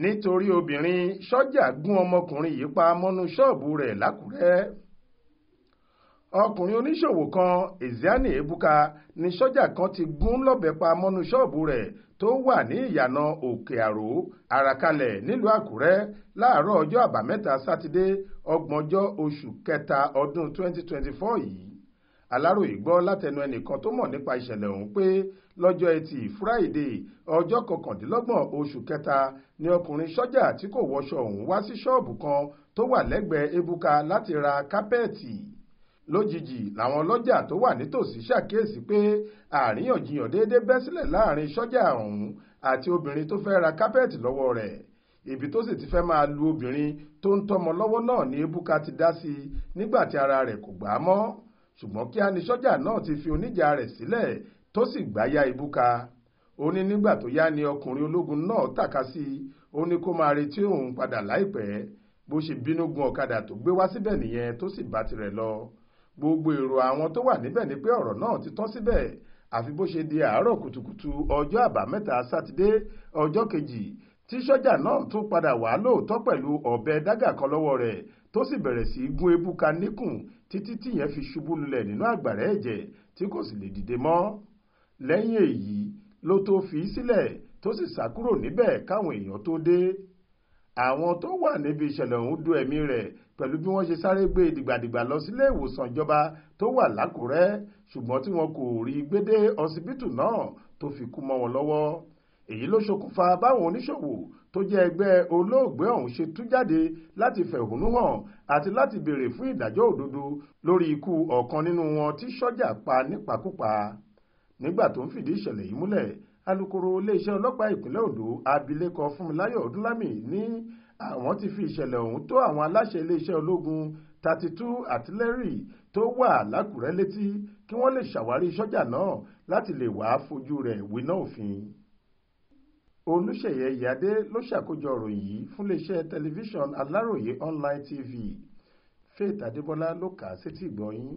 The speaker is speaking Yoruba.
nítorí obìnrin sọ́jà gún ọmọkùnrin yìí pa mọ́nú ṣọ́ọ̀bù rẹ̀ lákùrẹ́ ọkùnrin oníṣòwò kan ezeani ebuka ni sọ́jà kan ti gún lọ́bẹ pa mọ́nú ṣọ́ọ̀bù rẹ̀ tó wà ní ìyànà òkè àrò àràkalẹ̀ nílùú àkúrẹ́ láàárọ̀ ọjọ́ àbámẹ́ta sátidé ọgbọ̀njọ́ oṣù kẹta ọdún 2024 yìí aláròye gbọ́ látẹnu ẹnìkan tó mọ̀ nípa ìṣẹ̀lẹ̀ ọ̀hún pé lọ́jọ́ etí friday ọjọ́ kọkàndínlọ́gbọ̀n oṣù kẹta ni ọkùnrin sọ́jà tí kò wọṣọ ọ̀hún wá sí ṣọ́ọ̀bù kan tó wà lẹ́gbẹ̀ẹ́ ebuka láti ra kápẹ́ẹ̀tì lójijì làwọn ọlọ́jà tó wà nítòsí ṣàkíyèsí pé àríyànjiyàn déédéé bẹ́ sílẹ̀ láàrin sọ́jà ọ̀hún àti obìnrin tó fẹ́ ra kápẹ́ẹ̀tì lọ́wọ́ rẹ̀ ibi tó sì ti fẹ́ máa lu obìnrin tó ń tọ́mọ lọ́wọ́ náà ni ebuka ti dá sí nígbà tí ara rẹ̀ kò gbà á mọ́ ṣùgbọ́n kíá ni sọ́jà náà ti fi oníjà rẹ̀ sílẹ̀ tó sì gbáyà ìbúka ó ní nígbà tó yá ni ọkùnrin ológun náà tàka sí i ó ní kó máa retí òun padà láìpẹ́ bó ṣe bínú gun ọ̀kadà tó gbé wá síbẹ̀ nìyẹn tó sì bá tirẹ̀ lọ gbogbo èrò àwọn tó wà níbẹ̀ ni pé ọ̀rọ̀ náà ti tán síbẹ̀ àfi bó ṣe di àárọ̀ kùtùkùtù ọjọ́ àbámẹ́ta sátidé ọjọ́ kejì tí sọ́jà náà tún padà wá lóòótọ́ pẹ̀lú ọ̀bẹ dágà kan lọ́wọ́ rẹ̀ tó sì bẹ̀rẹ̀ sí í gún ebuka níkùn títí tíyẹn fi ṣubú lulẹ̀ nínú àgbàrá ẹ̀jẹ̀ tí kò sì lè dìde mọ́ lẹ́yìn èyí ló tó fi í sílẹ̀ tó sì sá kúrò níbẹ̀ káwọn èèyàn tó dé àwọn tó wà níbi ìṣẹ̀lẹ̀ ọ̀hún du ẹ̀mí rẹ̀ pẹ̀lú bí wọ́n ṣe sáré gbé dìgbàdìgbà lọ sílé ìwòsàn ìjọba tó wà lákùrẹ́ ṣùgbọ́n tí wọn kò rí gbédé ọsibítù náà tó fi kú mọ́ wọn lọ́wọ́ èyí ló ṣokùnfà báwọn oníṣòwò tó jẹ́ ẹgbẹ́ olóògbé ọ̀hún ṣe tú jáde láti fẹ̀hónú hàn àti láti béèrè fún ìdájọ́ òdodo lórí ikú ọ̀kan nínú wọn tí ṣọ́jà pa nípakúpa nígbà tó ń fìdí ìṣẹ̀lẹ̀ yìí múlẹ̀ alukoro iléeṣẹ́ ọlọ́pàá ìpínlẹ̀ Ondo abilékọ Fúnmiláyọ̀ Ọdúnlámì ní àwọn ti fi ìṣẹ̀lẹ̀ ọ̀hún tó àwọn aláṣẹ iléeṣẹ́ ológun thirty two artillery tó wà lákùrẹ́ létí kí wọ́n lè ṣàwárí ṣọ́jà náà láti lè wàá fojú rẹ̀ wíná òfin olùṣeyẹ ìyíáde ló ṣàkójọ ìròyìn yìí fún iléeṣẹ́ tẹlifíṣàn aláròye online tv faith adébọlá ló kà á sétíìgbọ́ yín